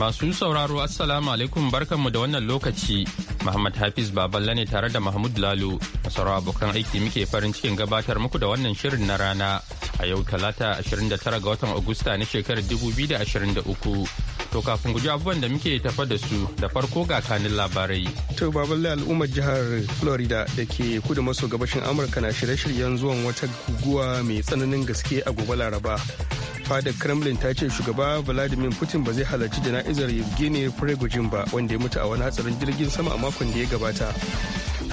Masu sauraro Assalamu alaikum barkanmu da wannan lokaci. Muhammad Hafiz Baballe ne tare da Mahmud Lalo. masarawa abokan aiki muke farin cikin gabatar muku da wannan shirin na rana a yau talata 29 ga watan Agusta na shekarar 2023. To kafin guji abubuwan da muke tafa da su da farko ga kanin labarai. To Baballe al'ummar jihar Florida da ke kudu maso gabashin Amurka na shirye-shiryen zuwan wata guguwa mai tsananin gaske a gobe Laraba. fadar kremlin ta ce shugaba vladimir putin ba zai halarci jana'izar yevgeny prigozhin ba wanda ya mutu a wani hatsarin jirgin sama a makon da ya gabata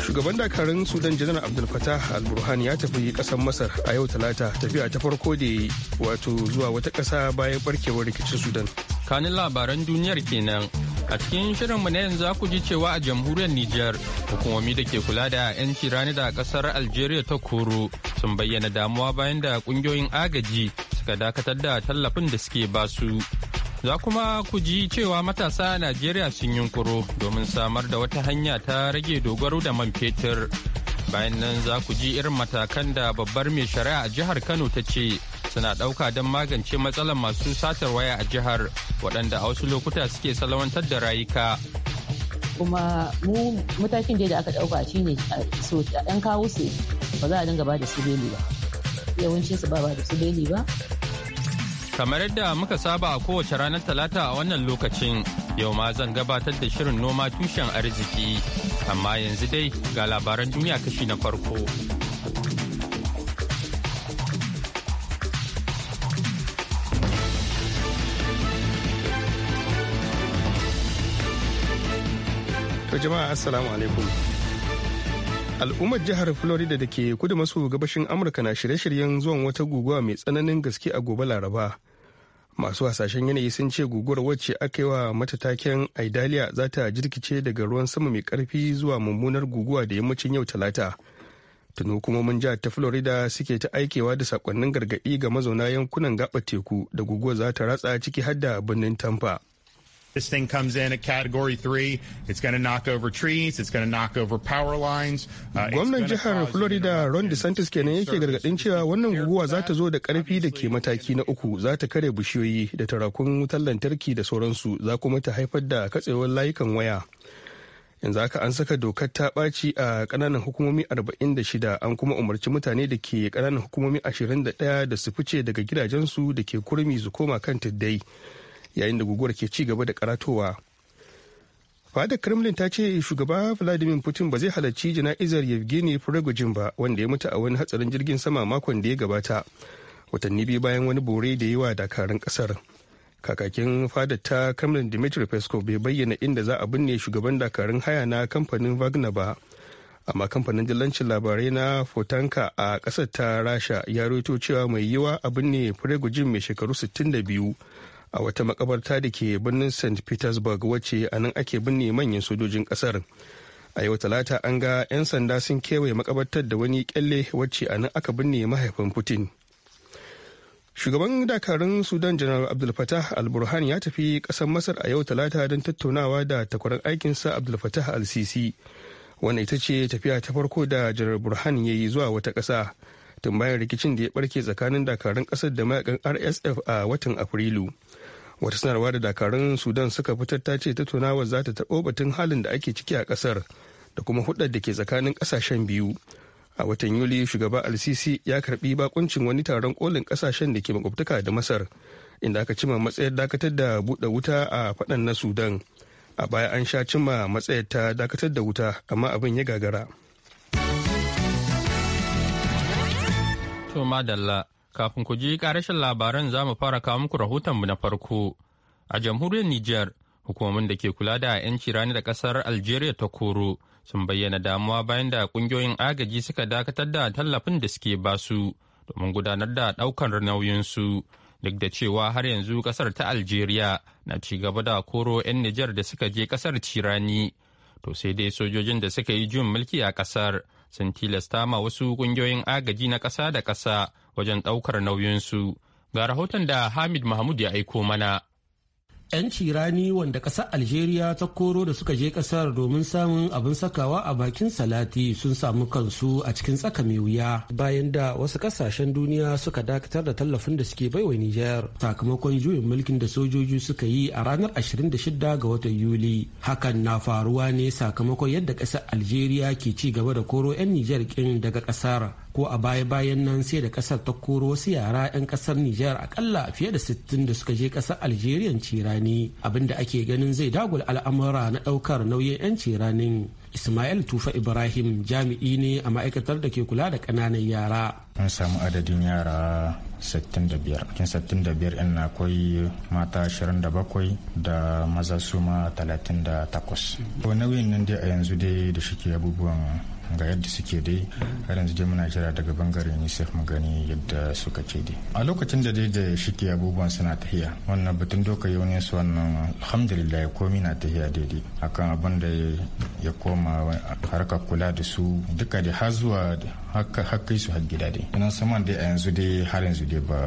shugaban dakarun sudan janar abdul fatah al-burhan ya tafi kasar masar a yau talata tafiya ta farko da ya yi wato zuwa wata kasa bayan barkewar rikicin sudan kanin labaran duniyar kenan a cikin shirinmu na yanzu ku ji cewa a jamhuriyar Nijar hukumomi da ke kula da 'yanci rani da kasar Algeria ta koro sun bayyana damuwa bayan da kungiyoyin agaji suka dakatar da tallafin da suke basu. Za kuma ku ji cewa matasa a Najeriya sun yunkuro domin samar da wata hanya ta rage dogaro da man fetur. Bayan nan za ku ji irin matakan da babbar mai shari'a a jihar Kano ta ce suna ɗauka don magance matsalar masu satar waya a jihar waɗanda a wasu lokuta suke salawantar da rayuka. kuma mu matakin da aka ɗauka shine so ɗan kawo su ba za a dinga ba da su beli ba yawancin su ba ba da su beli ba Kamar yadda muka saba a kowace ranar Talata a wannan lokacin, yau ma zan gabatar da shirin noma tushen arziki. Amma yanzu dai ga labaran duniya kashi na farko. To jama'a Assalamu alaikum. Al'ummar jihar Florida da ke kudu maso gabashin Amurka na shirye-shiryen zuwan wata guguwa mai tsananin gaske a gobe Laraba. Masu hasashen yanayi sun ce guguwar wacce aka yi wa mata taken za ta jirkice daga ruwan sama mai karfi zuwa mummunar guguwa da yammacin yau Talata. Tuni mun jihar ta Florida suke ta aikewa da sakonnin gargaɗi ga mazauna yankunan gaɓa teku da guguwar za ta ratsa ciki har da birnin Tampa. This thing comes in at Category 3. It's going to knock over trees. It's going to knock over power lines. Uh, Gwamnan jihar Florida Ron DeSantis kenan yake gargadin cewa wannan guguwa za ta zo da karfi da ke mataki na uku za ta kare bishiyoyi da tarakun wutar lantarki da sauransu za kuma ta haifar da katsewar layukan waya. yanzu haka an saka dokar ta ɓaci a ƙananan hukumomi 46 an kuma umarci mutane da ke ƙananan hukumomi 21 da su fice daga gidajensu da ke kurmi su koma kan tuddai yayin da guguwar ke ci gaba da karatowa fadar kremlin ta ce shugaba vladimir putin ba zai halarci jana'izar yevgeny prigozhin ba wanda ya mutu a wani hatsarin jirgin sama makon da ya gabata watanni biyu bayan wani bore da yawa dakarun kasar kakakin fadar ta kremlin dmitry peskov bai bayyana inda za a binne shugaban dakarun haya na kamfanin wagner ba amma kamfanin dillancin labarai na fotanka a kasar ta rasha ya rito cewa mai yiwa a binne prigozhin mai shekaru 62 a wata makabarta da ke birnin st petersburg wacce a nan ake binne manyan sojojin kasar a yau talata an ga 'yan sanda sun kewaye makabartar da wani kyalle wacce a nan aka binne mahaifin putin shugaban dakarun sudan janar abdul fatah al-burhan ya tafi kasar masar a yau talata don tattaunawa da takwarar aikinsa abdul fatah al-sisi wanda ita ce tafiya ta farko da janar burhan ya yi zuwa wata ƙasa tun bayan rikicin da ya barke tsakanin dakarun ƙasar da mayakan rsf a watan afrilu wata sanarwa da dakarun sudan suka fitar ta ce tattaunawar za ta taɓo batun halin da ake ciki a ƙasar da kuma hudar da ke tsakanin ƙasashen biyu a watan yuli shugaba al-sisi ya karbi bakuncin wani taron kolin ƙasashen da ke makwabtaka da masar inda aka cima matsayar dakatar da buɗe wuta a faɗan na sudan a baya an sha cima matsayar ta dakatar da wuta amma abin ya gagara. to madalla Kafin ku je ƙarashin labaran za mu fara kawo muku rahotonmu na farko. A jamhuriyar Nijar, hukumomin da ke kula da 'yanci rani da ƙasar Algeria ta koro sun bayyana damuwa bayan da ƙungiyoyin agaji suka dakatar da tallafin da suke basu domin gudanar da ɗaukar nauyinsu. Duk da cewa har yanzu ƙasar ta Algeria na ci gaba da koro 'yan Nijar da suka je ƙasar Cirani. To sai dai sojojin da suka yi jin mulki a ƙasar sun tilasta ma wasu ƙungiyoyin agaji na ƙasa da ƙasa wajen ɗaukar nauyinsu ga rahoton da hamid mahmud ya aiko mana 'yan cirani wanda ƙasar algeria ta koro da suka je ƙasar domin samun abin sakawa a bakin salati sun samu kansu a cikin tsaka mai wuya bayan da wasu ƙasashen duniya suka dakatar da tallafin da suke baiwa Nijar. sakamakon juyin mulkin da sojoji suka yi a ranar 26 ga watan yuli hakan na faruwa ne sakamakon yadda ƙasar algeria ke ci gaba da koro 'yan Nijar ƙin daga ƙasar ko a baya-bayan nan sai da kasar ta koro wasu yara 'yan kasar Nijar akalla fiye da 60 da suka je kasar Algeria cirani abinda ake ganin zai dagula al'amura na daukar nauyin 'yan ciranin. Ismail Tufa Ibrahim jami'i ne a ma'aikatar da ke kula da ƙananan yara. An samu adadin yara 65. Kin 65 ɗin akwai mata 27 da maza su ma 38. ko nauyin nan dai a yanzu dai da shike abubuwan ga yadda suke dai har yanzu dai muna kira daga bangaren unicef mu gani yadda suka ke dai a lokacin da dai da shike abubuwan suna tahiya wannan batun doka ne su wannan alhamdulillah komi na tahiya daidai akan abin da ya koma harkar kula da su duka da har zuwa har su har gida dai ina saman dai a yanzu dai har yanzu dai ba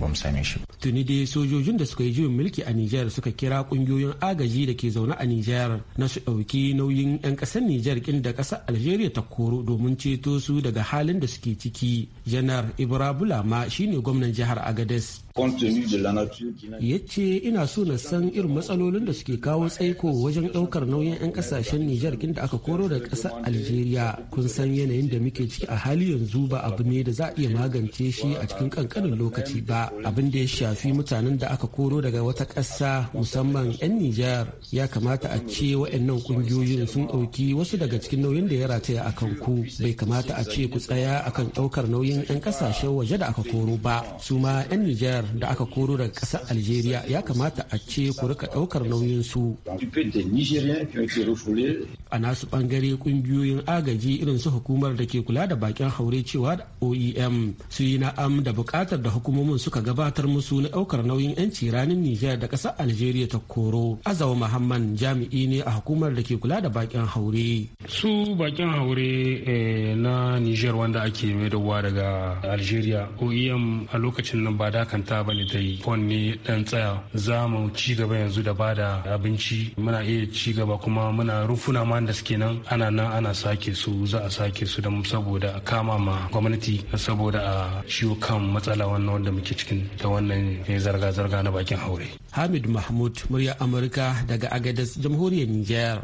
mu same shi tuni dai sojojin da suka yi juyin mulki a Nijar suka kira kungiyoyin agaji da ke zaune a Nijar na su dauki nauyin yan kasar Nijar kin da kasar Algeria ta koro domin ceto su daga halin da suke ciki janar Ibrahim Bulama shine gwamnan jihar Agadez Ya ce ina so na san irin matsalolin da suke kawo tsaiko wajen ɗaukar nauyin 'yan ƙasashen Nijar kin da aka koro da ƙasar Algeria. Kun san yanayin da muke ciki a hali yanzu ba abu ne da za a iya magance shi a cikin ƙanƙanin lokaci ba. Abin da ya shafi mutanen da aka koro daga wata ƙasa musamman 'yan Nijar ya kamata a ce waɗannan ƙungiyoyin sun ɗauki wasu daga cikin nauyin da ya rataya a kan ku. Bai kamata a ce ku tsaya akan ɗaukar nauyin 'yan ƙasashen waje da aka koro ba. Su ma 'yan Nijar da aka koro daga ƙasar algeria ya kamata a ce ku rika ɗaukar nauyin su a nasu ɓangare ƙungiyoyin agaji irin su hukumar da ke kula da bakin haure cewa da oem su yi na'am da buƙatar da hukumomin suka gabatar musu na ɗaukar nauyin 'yanci ranin nijar da ƙasar algeria ta koro azawa muhammad jami'i ne a hukumar da ke kula da bakin haure su bakin haure eh, na nijar wanda ake mai daga algeria oem a lokacin nan ba dakanta ba ne ta yi fon ne dan tsaya za mu ci gaba yanzu da bada abinci muna iya ci gaba kuma muna rufuna ma da suke nan ana nan ana sake su za a sake su da saboda a kama ma gwamnati saboda a ciwo kan matsala wannan wanda muke cikin ta wannan zarga-zarga na bakin haure. Hamid Mahmud murya Amurka daga Agadez jamhuriyar Niger.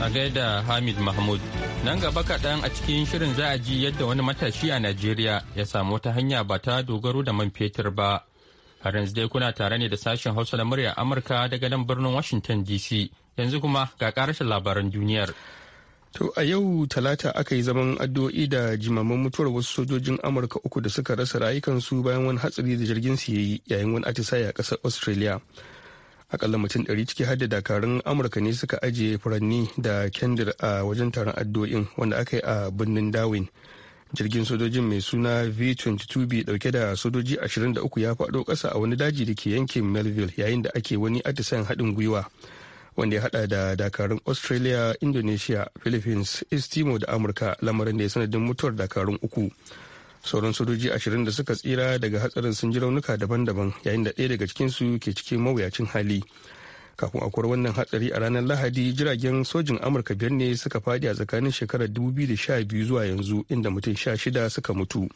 A gaida Hamid Mahmud Nan gaba kaɗan a cikin shirin za a ji yadda wani matashi a Najeriya ya samu wata hanya ba ta dogaro da man fetur ba. Har yanzu dai kuna tare ne da sashen Hausa na murya Amurka daga nan birnin Washington DC. Yanzu kuma ga ƙarashin labaran duniyar. To a yau talata aka yi zaman addu'o'i da jimaman mutuwar wasu sojojin Amurka uku da suka rasa rayukansu bayan wani hatsari da jirgin su yayi yayin wani atisaye a ƙasar Australia. akalla mutum ɗari ciki har da dakarun amurka ne suka ajiye furanni da kendir a wajen taron addu'o'in wanda aka yi a birnin darwin jirgin sojojin mai suna v-22b dauke da sojoji 23 ya faɗo ƙasa a wani daji da ke yankin melville yayin da ake wani atisayen haɗin gwiwa wanda ya haɗa da dakarun australia indonesia philippines east da amurka lamarin da ya sanadin mutuwar dakarun uku sauran sojoji ashirin da suka tsira daga hatsarin sun ji raunuka daban-daban yayin da ɗaya daga cikinsu ke cikin mawuyacin hali kafin akwai wannan hatsari a ranar lahadi jiragen sojin amurka biyar ne suka fadi a tsakanin shekarar 2012 zuwa yanzu inda mutum sha shida suka mutu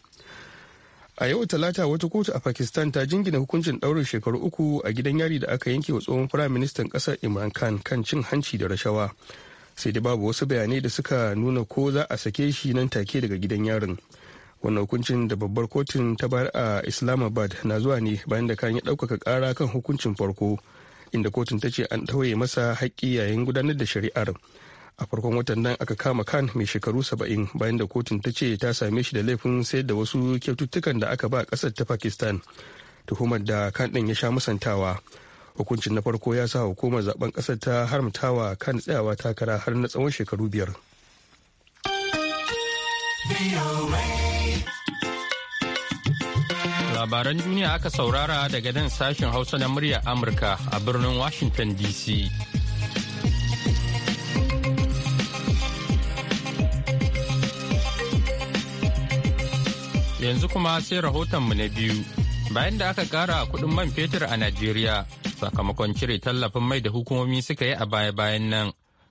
a yau talata wata kotu a pakistan ta jingina hukuncin ɗaurin shekaru uku a gidan yari da aka yanke wa tsohon firaministan ƙasar imran khan kan cin hanci da rashawa sai dai babu wasu bayanai da suka nuna ko za a sake shi nan take daga gidan yarin wannan hukuncin da babbar kotun ta bayar a islamabad na zuwa ne bayan da kayan ya ɗaukaka ƙara kan hukuncin farko inda kotun ta ce an tauye masa haƙƙi yayin gudanar da shari'ar a farkon watan nan aka kama kan mai shekaru saba'in bayan da kotun ta ce ta same shi da laifin sayar da wasu kyaututtukan da aka ba ƙasar ta pakistan tuhumar da kan ɗin ya sha musantawa hukuncin na farko ya sa hukumar zaben ƙasar ta haramtawa kan tsayawa takara har na tsawon shekaru biyar. labaran duniya aka saurara daga nan sashen Hausa na muryar Amurka a birnin Washington DC. Yanzu kuma sai rahotonmu na biyu. Bayan da aka kara kudin man fetur a Najeriya, sakamakon cire tallafin mai da hukumomi suka yi a baya-bayan nan,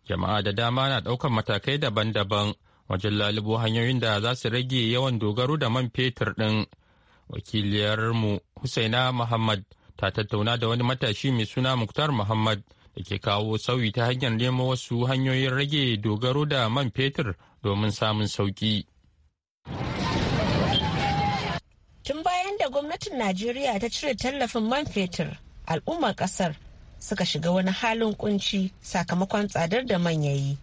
jama'a da dama na ɗaukar matakai daban-daban wajen lalubo hanyoyin da za su rage yawan dogaro da man fetur ɗin. wakiliyarmu husaina muhammad ta tattauna da wani matashi mai suna muktar muhammad da ke kawo sauyi ta hanyar nemo wasu hanyoyin rage dogaro da man fetur domin samun sauki. Tun bayan da gwamnatin Najeriya ta cire tallafin man fetur, al'ummar kasar suka shiga wani halin kunci sakamakon tsadar da man yayi.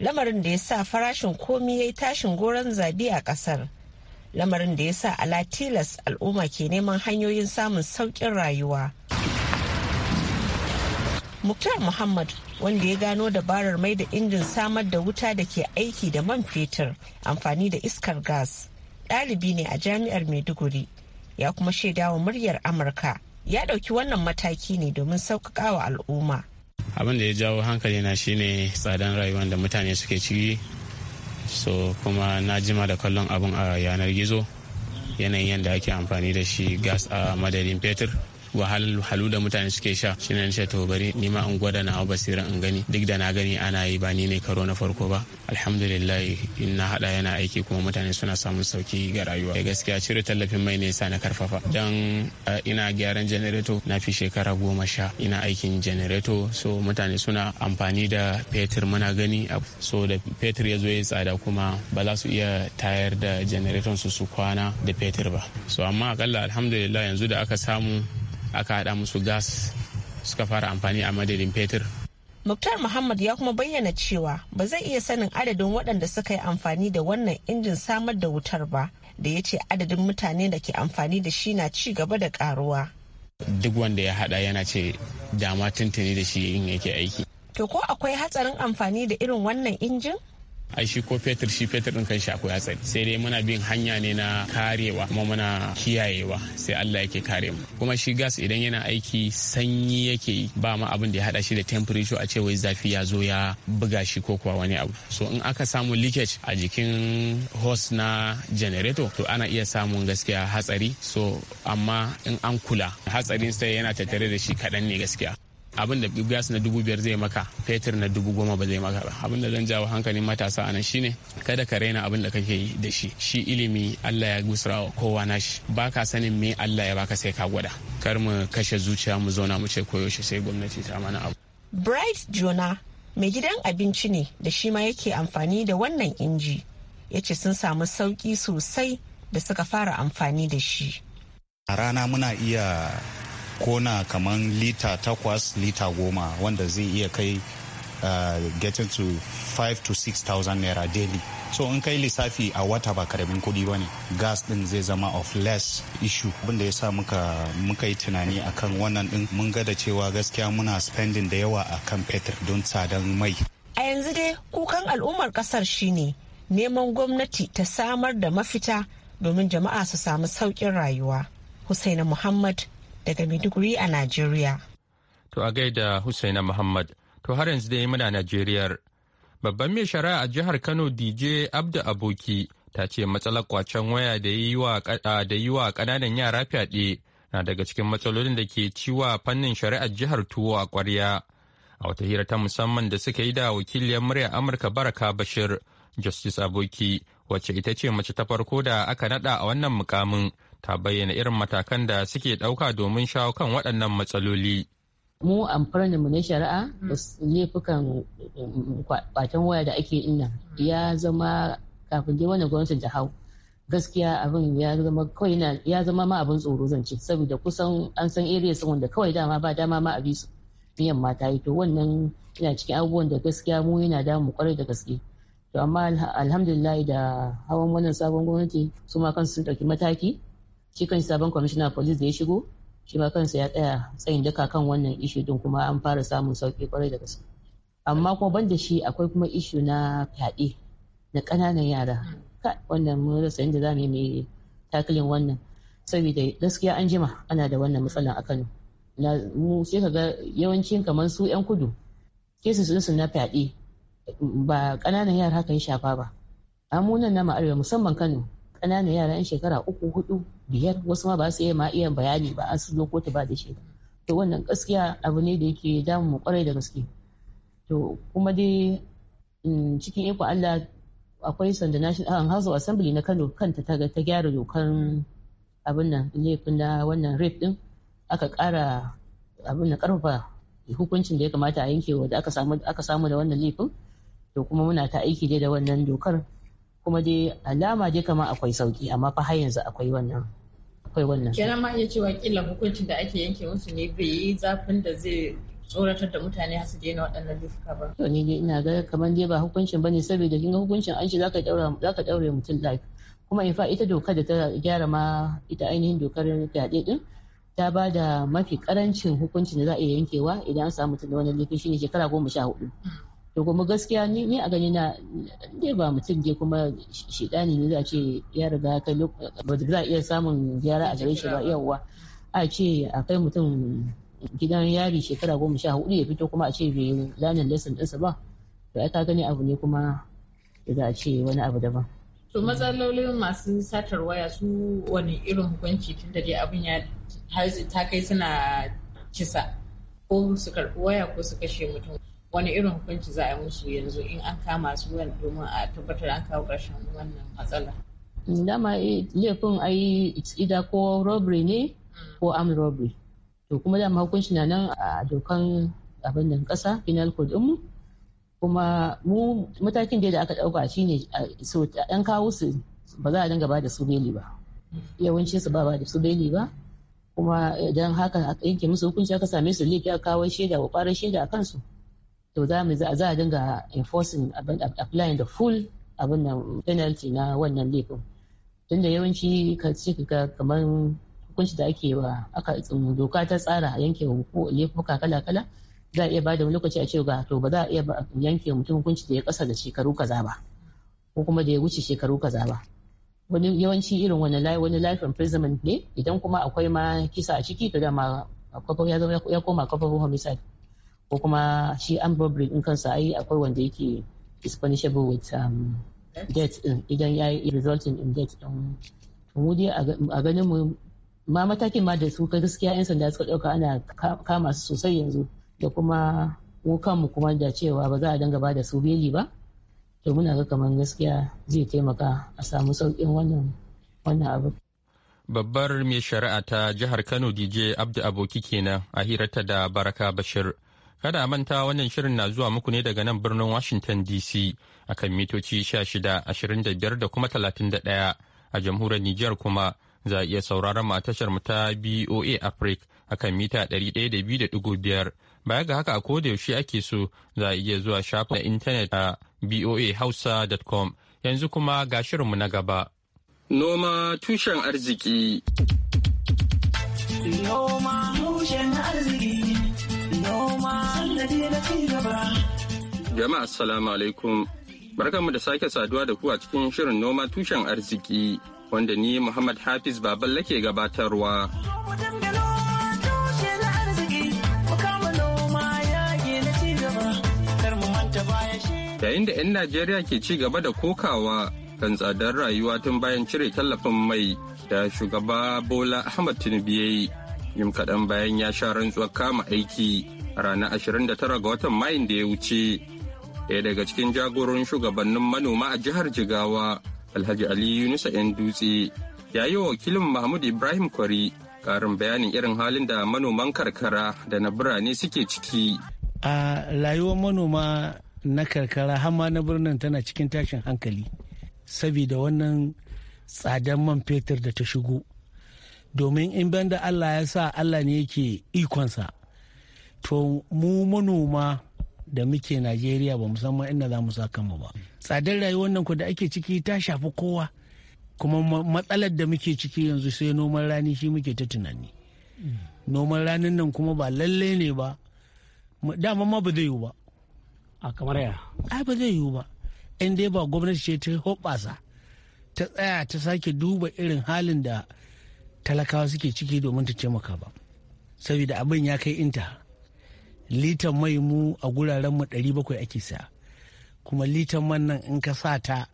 Lamarin da ya sa farashin komi ya yi tashin goron zabi a kasar. lamarin da ya sa ala tilas al'umma ke neman hanyoyin samun sauƙin rayuwa. Muktar Muhammad wanda ya gano dabarar mai da injin samar da wuta da ke aiki da man fetur amfani da iskar gas. Ɗalibi ne a jami'ar Maiduguri ya kuma shaidawa muryar Amurka ya ɗauki wannan mataki ne domin sauƙaƙawa al'umma. abin da ya jawo hankali na shine tsadan rayuwar da mutane suke ciki so kuma na jima da kallon abun a yanar gizo yanayin yadda ake amfani da shi gas a madadin fetur wahalhalu da mutane suke sha shi ne ce ta bari ni ma an gwada na basira in gani duk da na gani ana yi ba ni ne karo na farko ba alhamdulillah in na hada yana aiki kuma mutane suna samun sauki ga rayuwa da eh, gaskiya cire tallafin mai ne na karfafa dan eh, ina gyaran janareto na fi shekara goma sha ina aikin janareto so mutane suna amfani da fetur muna gani so da fetur ya zo ya tsada kuma ba za su iya tayar da janareton su su kwana da fetur ba so amma akalla alhamdulillah yanzu da aka samu aka haɗa musu gas suka fara amfani a madadin fetur Muktar Muhammad ya kuma bayyana cewa ba zai iya sanin adadin waɗanda suka yi amfani da wannan injin samar da wutar ba, da ya ce adadin mutane da ke amfani da shi na ci gaba da karuwa. Duk wanda ya haɗa yana ce dama tuntuni da shi in yake aiki. To ko akwai hatsarin amfani da irin wannan injin? ai shi ko fetur shi fetur din kan shi akwai hatsari sai dai muna bin hanya ne na karewa kuma muna kiyayewa sai Allah yake kare mu kuma shi gas idan yana aiki sanyi yake yi ba ma abin da ya hada shi da temperature a ce wai zafi ya zo ya buga shi ko kuwa wani abu so in aka samu leakage a jikin hose na generator to ana iya samun gaskiya hatsari so amma in an kula hatsarin sai yana tattare da shi kaɗan ne gaskiya abin da gas na dubu biyar zai maka fetur na dubu goma ba zai maka ba abin da zan jawo hankalin matasa a nan shine kada ka raina abin da kake yi da shi shi ilimi allah ya gusura wa kowa nashi ba ka sanin me allah ya baka sai ka gwada kar mu kashe zuciya mu zauna mu ce koyaushe sai gwamnati ta mana abu bright jona mai gidan abinci ne da shi ma yake amfani da wannan inji yace sun samu sauki sosai da suka fara amfani da shi a rana muna iya kona kamar lita takwas lita goma wanda zai iya kai uh, getting to 5 to 6,000 naira daily so in kai lissafi a wata ba karamin kuɗi ba ne gas din zai zama of less issue abinda ya sa muka, muka yi tunani akan wannan din. mun ga da cewa gaskiya muna spending da yawa akan fetur don tsadan mai a yanzu dai kukan al'ummar ƙasar shine neman gwamnati ta samar da mafita domin jama'a su samu sauƙin rayuwa husaina muhammad daga Maiduguri a Najeriya. To a gaida Husaina Muhammad, to har yanzu dai muna Najeriyar. Babban mai shari'a a jihar Kano DJ Abdu Aboki ta ce matsalar kwacen waya da yi wa kananan yara fyaɗe na daga cikin matsalolin da ke ciwa fannin shari'ar jihar Tuwo a ƙwarya. A wata hira ta musamman da suka yi da wakiliyar murya Amurka Baraka Bashir, Justice Aboki, wacce ita ce mace ta farko da aka nada a wannan mukamin. ta bayyana irin matakan da suke ɗauka domin shawo kan waɗannan matsaloli. mu amfani mu na shari'a mm. laifukan mm, kwatan waya da ake ina ya zama kafin dai wannan gwamnati da hau gaskiya abin ya zama kawai ya zama ma abin tsoro zance saboda kusan an san area sun wanda kawai dama ba dama ma a bi su biyan mata yi to wannan yana cikin abubuwan da gaskiya mu yana mu kwarai da gaske to amma alhamdulillah da hawan wannan sabon gwamnati su ma kansu sun dauki mataki shi kan sabon kwamishinan police da ya shigo shi ma kansa ya tsaya tsayin daka kan wannan ishu din kuma an fara samun sauki kwarai da gaske amma kuma ban da shi akwai kuma ishu na fyaɗe na ƙananan yara wannan mun rasa yadda za mu yi mai takilin wannan saboda gaskiya an jima ana da wannan matsalan a Kano mu sai ka ga yawancin kamar su 'yan kudu kesu su na fyaɗe ba ƙananan yara haka ya shafa ba amunan na arewa musamman kano ƙananan yara yan shekara uku hudu biyar wasu ma ba su iya ma iya bayani ba an su zo kotu ba da shaida to wannan gaskiya abu ne da yake damu mu kwarai da gaske to kuma dai mm, cikin iko Allah akwai sanda national um, house of assembly na Kano kanta ta ta gyara dokan abin nan laifin na wannan rape din aka ƙara abin na karfa hukuncin da ya kamata a yanke da aka samu da wannan laifin to kuma muna ta aiki dai da wannan dokar kuma dai alama dai kama akwai sauki amma fa har yanzu akwai wannan akwai wannan kenan ma iya cewa kila hukuncin da ake yanke musu ne bai yi zafin da zai tsoratar da mutane har su daina waɗannan laifuka ba to ni dai ina ga kamar dai ba hukuncin bane saboda kin ga hukuncin an shi zaka daura zaka daure mutum life kuma in fa ita dokar da ta gyara ma ita ainihin dokar fyaɗe din ta ba da mafi karancin hukuncin da za a iya yankewa idan an samu mutum da wani laifin shine shekara goma sha hudu hmm. to kuma gaskiya ni a gani na dai ba mutum kuma shedani ne za a ce ya riga kai ba za iya samun gyara a gare shi ba yawwa a ce a kai mutum gidan yari shekara goma sha hudu ya fito kuma a ce bai lanin lesson ɗinsa ba to ai ka gani abu ne kuma za a ce wani abu daban to matsalolin masu satar waya su wani irin hukunci tun da dai abin ya ta kai suna kisa ko su karɓi waya ko su kashe mutum wani irin hukunci za a yi musu yanzu in an kama su domin a tabbatar an kawo ƙarshen wannan matsala. dama eh, laifin a yi ida ko robbery ne mm. ko am robbery to kuma dama hukunci na nan a dokan abin da ƙasa final code mu kuma mu matakin da aka ɗauka shine eh, so ɗan kawo su ba za a dinga ba da su beli ba mm. yawanci su ba ba da su beli ba kuma idan haka yanke musu hukunci aka same su laifi aka kawo shaida ko ƙwarar shaida a kansu to za mu za a dinga enforcing abin applying the full abin nan penalty na wannan laifin tunda yawanci ka ce ka kamar hukunci da ake wa aka doka ta tsara yanke laifuka kala kala za a iya da wani lokaci a ce ga to ba za a iya yanke mutum hukunci da ya kasa da shekaru kaza ba ko kuma da ya wuce shekaru kaza ba wani yawanci irin wani wani life imprisonment ne idan kuma akwai ma kisa a ciki to dama ya ya koma kafofin homicide ko kuma shi an amburbrin in kansa ai akwai wanda yake is punishable with um, death din idan ya yi resulting in death din mu dai a ganin mu ma matakin ma da su ka gaskiya yan sanda suka dauka ana kama su sosai yanzu da kuma mu kanmu kuma da cewa ba za a danga ba da su beli ba to muna ga kamar gaskiya zai taimaka a samu saukin wannan wannan abu babbar mai shari'a ta jihar kano dj abdu aboki kenan a hirarta da baraka bashir Kada a manta wannan shirin na zuwa muku ne daga nan birnin Washington DC a kan mitoci shida ashirin da kuma 31 a jamhuriyar Nijar kuma za a iya sauraron tashar mu ta BOA Africa a kan mita 102.5 baya ga haka a koda yaushe ake so za a iya zuwa shafin intanet a boahausa.com yanzu kuma ga shirinmu na gaba. Noma tushen arziki. Noma tushen arziki. Jama'a assalamu alaikum. Barkanmu da sake saduwa da ku a cikin shirin noma tushen arziki wanda ni Muhammad Hafiz Baballe ke gabatarwa. Yayin da 'yan Najeriya ke ci gaba da kokawa kan tsadar rayuwa tun bayan cire tallafin mai da shugaba Bola Ahmad Tinubu ya yi, kaɗan bayan ya sha rantsuwar kama aiki. a ranar 29 ga watan mayin da ya wuce. Ɗaya daga cikin jagoran shugabannin manoma a jihar Jigawa, Alhaji Ali Yunusa 'yan dutse, ya yi wa wakilin Mahmud Ibrahim Kwari ƙarin bayanin irin halin da manoman karkara da na birane suke ciki. A rayuwar manoma na karkara har na birnin tana cikin tashin hankali, saboda wannan tsadar man fetur da ta shigo. domin in banda Allah ya sa Allah ne yake ikonsa to mu manoma da muke najeriya ba musamman inda za mu sa kanmu ba tsadar rayuwar nan ku da ake ciki ta shafi kowa kuma matsalar da muke ciki yanzu sai noman rani shi muke ta tunani noman ranin nan kuma ba lalle ne ba dama ma ba zai yiwu ba a kamar ya ai ba zai yiwu ba in dai ba gwamnati ce ta hoɓasa ta tsaya ta sake duba irin halin da talakawa suke ciki domin ta taimaka ba saboda abin ya kai inta litan mai mu a guraren mu 700 ake sa kuma litan man nan in ka sa ta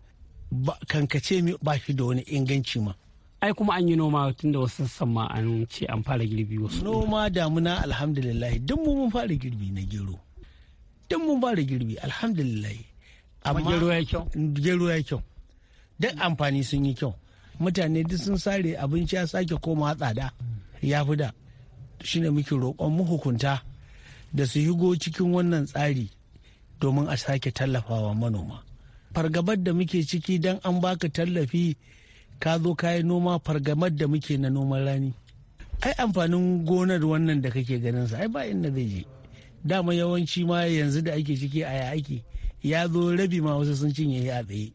kankace mi ba shi da wani inganci ma ai kuma an yi noma tun da wasu samma an ce an fara girbi wasu noma damuna alhamdulillah duk mun fara girbi na gero duk mun fara girbi alhamdulillah amma gero ya kyau gero ya kyau duk amfani sun yi kyau mutane duk sun sare abinci ya sake koma tsada ya fi da shine muke roƙon mu hukunta. da su shigo cikin wannan tsari domin a sake tallafawa manoma fargabar da muke ciki don an baka tallafi ka zo kayi noma fargabar da muke na noman rani ai amfanin gonar wannan da kake ganin sa ai ba inda zai je dama yawanci ma yanzu da ake ciki a ya aiki ya zo rabi ma wasu sun cinye a tsaye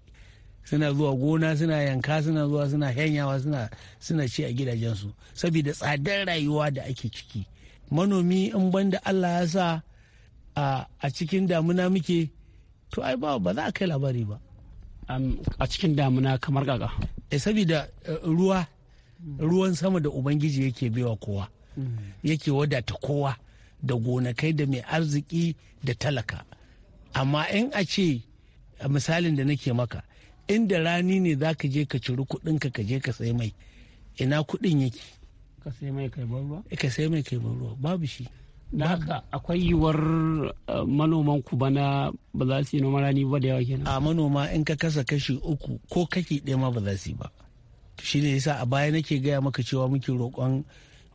suna zuwa gona suna yanka suna zuwa suna hanyawa suna suna ci a gidajensu saboda tsadar rayuwa da ake ciki manomi in banda Allah ya sa a cikin damuna muke to ai ba ba za a kai labari ba a cikin damuna kamar kaka eh saboda eh, ruwa ruwan sama da ubangiji yake bewa kowa mm. yake wadata kowa da gonakai da mai arziki da talaka amma in a ce misalin da nake maka inda rani ne za ka je ka ciri kuɗinka ka je ka sai mai ina kuɗin yake ka sai mai kai ban ruwa eh, ka sai mai kai ban ruwa babu shi da haka akwai yiwuwar eh, manoman ku bana ba za su yi noman rani ba da yawa kenan a manoma in ka kasa kashi uku ko kaki ɗaya ma ba za su yi ba shi ne yasa a baya nake gaya maka cewa muke roƙon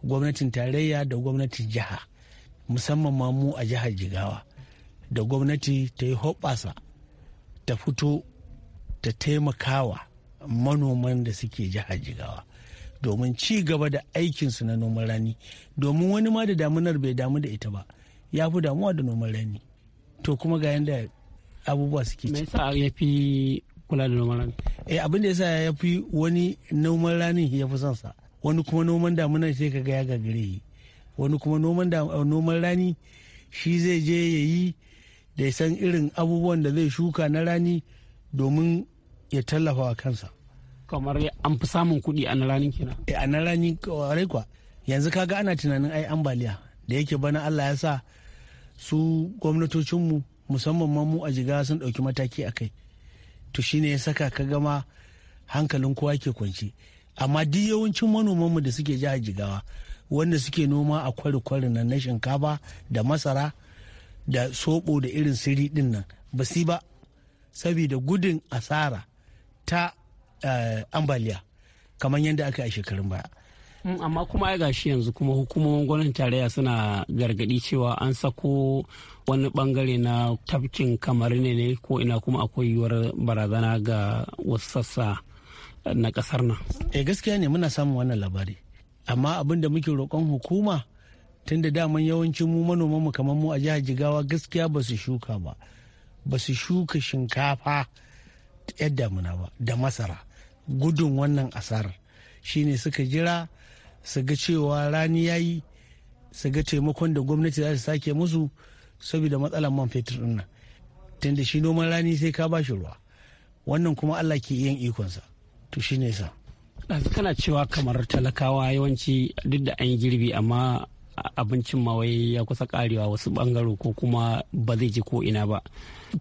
gwamnatin tarayya da gwamnatin jiha musamman ma mu a jihar jigawa da gwamnati ta yi hoɓasa ta fito ta taimakawa manoman da suke jihar jigawa domin ci gaba da aikinsu na noman rani domin wani ma da damunar bai damu da ita ba ya fi damuwa da noman rani to kuma ga yanda abubuwa suke ci. sa ya fi kula da noman rani? eh abin da yasa ya fi wani noman rani ya fi son sa wani kuma noman damunar sai kaga ya gagare yi wani kuma eh, noman rani shi zai je ya yi da san irin abubuwan da zai shuka na rani domin ya tallafa wa kansa. kamar an fi samun kuɗi a na ranin eh, a na rani kawarai kuwa yanzu kaga ana tunanin ai ambaliya da yake bana Allah ya sa su gwamnatocinmu musamman ma mu a jiga sun ɗauki mataki a kai to shine ya saka ka gama hankalin kowa ke kwanci amma duk yawancin manoman mu da suke jihar jigawa wanda suke noma a kwari-kwari nan na shinkafa da masara da soɓo da irin siri ɗin nan ba ba saboda gudun asara ta Eh, ambaliya kamar yadda aka yi a shekarun baya mm, amma kuma ya gashi yanzu kuma hukumomin gwamnatin tarayya suna gargadi cewa an sako wani bangare na tafkin kamar ne ne ko ina kuma akwai yiwuwar barazana ga wasu sassa na kasar nan e gaskiya ne muna samun wannan labari amma abin da muke roƙon hukuma tun da daman yawancin mu manoman mu kamar mu a jihar jigawa gaskiya ba su shuka ba ba su shuka shinkafa yadda muna ba da masara gudun wannan asarar shine suka jira su ga cewa rani ya yi su ga taimakon da gwamnati za ta sake musu saboda matsalar man fetur din nan tunda shi noman rani sai ka bashi ruwa wannan kuma allah ke yin ikonsa to shine sa kana cewa kamar talakawa yawanci duk da an girbi amma abincin mawai ya kusa karewa wasu bangaro ko kuma ba zai ji ko ina ba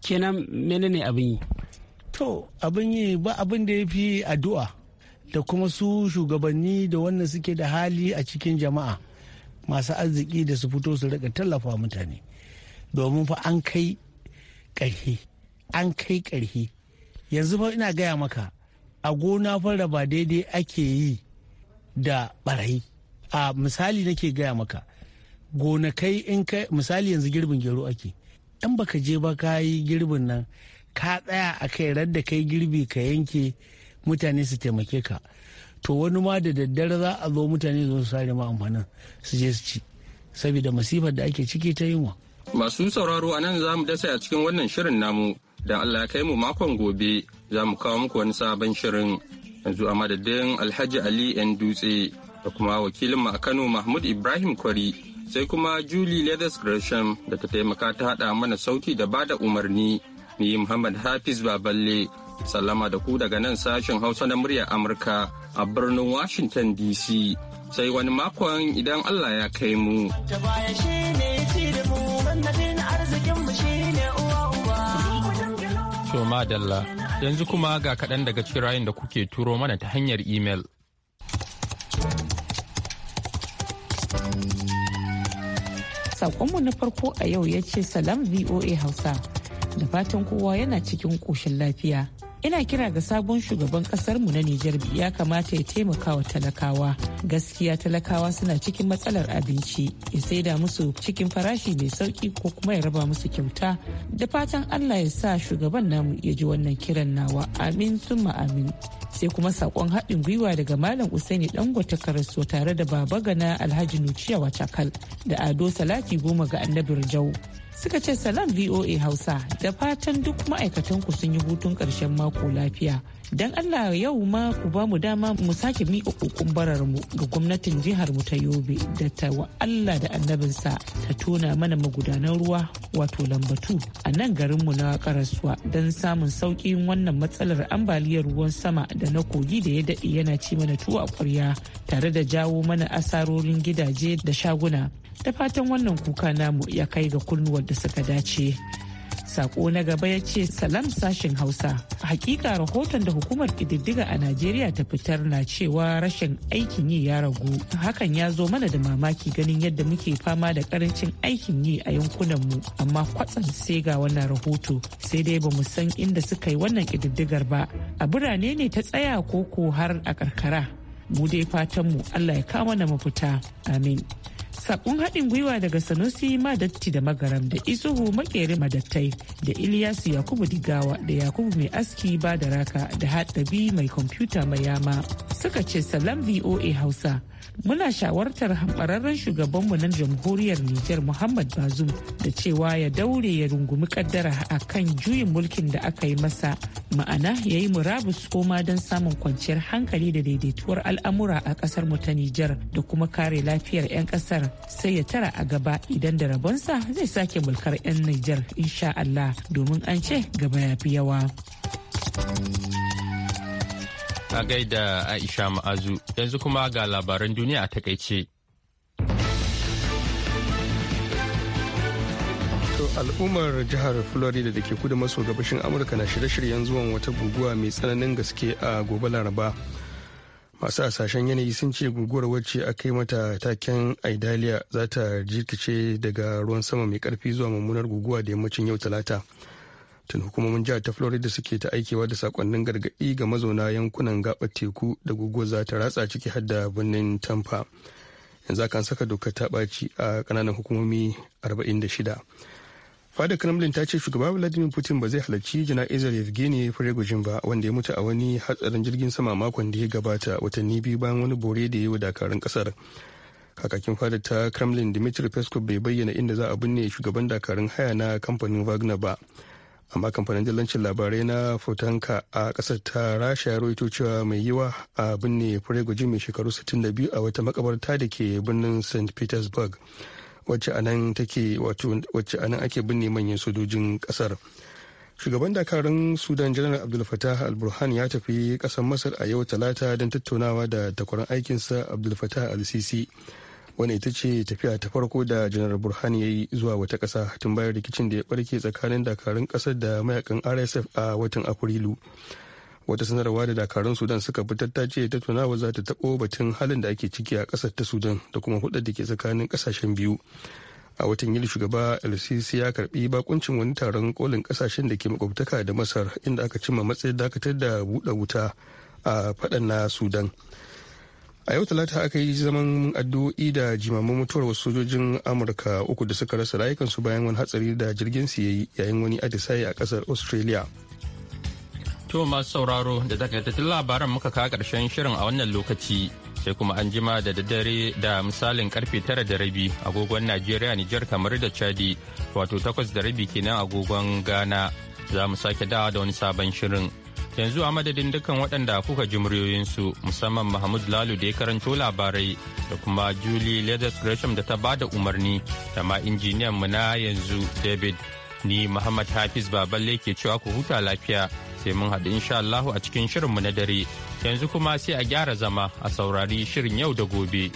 kenan menene abin yi to abin yi ba abin da ya fi addu'a da kuma su shugabanni da wannan suke da hali a cikin jama'a masu arziki da su fito su rika tallafa mutane domin fa an kai ƙarfi an kai ƙarhi yanzu fa ina gaya maka a gona fara ba daidai ake yi da barayi a misali nake gaya maka gonakai in ka misali yanzu girbin gero ake in baka je ba ka yi girbin nan ka tsaya a kai radda kai girbi ka yanke mutane su taimake ka to wani ma da daddare za a zo mutane zuwa su sare ma amfanin su je su ci saboda masifar da ake ciki ta yunwa. masu sauraro a nan za mu dasa a cikin wannan shirin namu da allah kai mu makon gobe za mu kawo muku wani sabon shirin yanzu a madadin alhaji ali yan dutse da kuma wakilinmu a kano mahmud ibrahim kwari sai kuma julie leathers gresham da ta taimaka ta haɗa mana sauti da bada umarni ni Muhammad Hafiz Baballe sallama da ku daga nan sashen Hausa na muryar Amurka a birnin Washington DC sai wani makon idan Allah ya kai mu. To Dalla, yanzu kuma ga kaɗan daga cikin da kuke turo mana ta hanyar imel. Sakonmu na farko a yau ya ce Salam VOA Hausa. da fatan kowa yana cikin koshin lafiya. Ina kira ga sabon shugaban mu na Nijar ya kamata ya taimaka wa talakawa. Gaskiya talakawa suna cikin matsalar abinci, ya saida musu cikin farashi mai sauki ko kuma ya raba musu kyauta. Da fatan Allah ya sa shugaban namu ya ji wannan kiran nawa. Amin summa amin. Sai kuma sakon haɗin gwiwa daga Malam Usaini Dangote Karaso tare da Baba Gana Alhaji Nuciya Wacakal da Ado Salati Goma ga Annabi Rijau. suka ce salam VOA Hausa da fatan duk ma'aikatan ku sun yi hutun ƙarshen mako lafiya. Don Allah yau ma ku ba mu dama mu sake miƙa kokon barar mu ga gwamnatin jihar mu ta Yobe da ta wa Allah da annabinsa ta tona mana magudanan ruwa wato lambatu a nan garin mu na Karasuwa don samun sauƙin wannan matsalar ambaliyar ruwan sama da na kogi da ya daɗe yana ci mana tuwo a ƙwarya tare da jawo mana asarorin gidaje da shaguna. da fatan wannan kuka namu ya kai ga kunnuwar da suka dace sako na gaba ya ce salam sashen hausa hakika rahoton da hukumar kididdiga a najeriya ta fitar na cewa rashin aikin yi ya ragu hakan ya zo mana da mamaki ganin yadda muke fama da karancin aikin yi a yankunanmu amma kwatsam sai ga wannan rahoto sai dai bamu san inda suka yi wannan kididdigar ba a birane ne ta tsaya koko har a karkara mu dai fatanmu allah ya kama na mafita amin sakon haɗin gwiwa daga sanusi madatti da magaram da isuhu makeri madattai da iliyasu yakubu digawa da yakubu mai aski ba da raka da haɗabi mai kwamfuta mai yama suka ce salam voa hausa muna shawartar hambararren shugabanmu na jamhuriyar nijar muhammad bazum da cewa ya daure ya rungumi kaddara a kan juyin mulkin da aka yi masa ma'ana ya yi murabus koma don samun kwanciyar hankali da daidaituwar al'amura a ƙasar mu ta nijar da kuma kare lafiyar 'yan kasar. sai ya tara a gaba idan da rabonsa zai sake mulkar 'yan Nijar insha Allah domin an ce gaba ya fi yawa. A gaida Aisha Ma'azu yanzu kuma ga labaran duniya a takaice. al'ummar jihar florida da ke kudu maso gabashin amurka na shirye-shiryen zuwan wata guguwa mai tsananin gaske a gobe laraba masu hasashen yanayi sun ce guguwar wacce aka yi mata taken aidaliya za ta jirkice daga ruwan sama mai karfi zuwa mummunar guguwa da yammacin yau talata tun hukumomin jihar ta florida suke ta aikewa da sakonnin gargaɗi ga mazauna yankunan gabar teku da guguwar za ta ratsa ciki har da birnin tampa yanzu kan saka doka ta ɓaci a ƙananan hukumomi arba'in da shida. fadar kremlin ta ce shugaba vladimir putin ba zai halarci jana'izar yevgeni prigozhin ba wanda ya mutu a wani hatsarin jirgin sama makon da ya gabata watanni biyu bayan wani bore da ya yi wa dakarun kasar kakakin fada ta kremlin dmitry peskov bai bayyana inda za a binne shugaban dakarun haya na kamfanin wagner ba amma kamfanin dillancin labarai na fotanka a kasar ta rasha ya rawaito cewa mai yiwa a binne prigozhin mai shekaru 62 a wata makabarta da ke birnin st petersburg wacce anan nan ake binne manyan sojojin kasar shugaban dakarun sudan janar abdul fatah al-burhan ya tafi kasar masar a yau talata don tattaunawa da takwaran aikinsa abdul fatah al-sisi wani ita ce tafiya ta farko da janar burhan ya yi zuwa wata kasa tun bayan rikicin da ya barke tsakanin dakarun kasar da mayakan rsf a watan afrilu wata sanarwa da dakarun sudan suka fitar ta ce tattaunawa za ta taɓo batun halin da ake ciki a kasar ta sudan da kuma hudar da ke tsakanin kasashen biyu a watan yuli shugaba lcc ya karbi bakuncin wani taron kolin ƙasashen da ke makwabtaka da masar inda aka cimma matsayin dakatar da buɗe wuta a faɗan na sudan a yau talata aka yi zaman addu'o'i da jimamin mutuwar wasu sojojin amurka uku da suka rasa rayukansu bayan wani hatsari da jirgin su yayi yayin wani atisaye a kasar australia To masu sauraro da takaitattun labaran muka kawo ƙarshen shirin a wannan lokaci sai kuma an jima da daddare da misalin karfe tara da rabi agogon Najeriya Nijar kamar da Chadi wato takwas da rabi kenan agogon Ghana za mu sake dawa da wani sabon shirin. Yanzu a madadin dukkan waɗanda kuka ji muryoyinsu musamman Mahmud Lalu da ya karanto labarai da kuma Julie ledes Gresham da ta ba da umarni da ma injiniyan mu na yanzu David ni Muhammad Hafiz Baballe ke cewa ku huta lafiya. sai mun haɗu insha Allahu a cikin shirinmu na dare yanzu kuma sai a gyara zama a saurari shirin yau da gobe.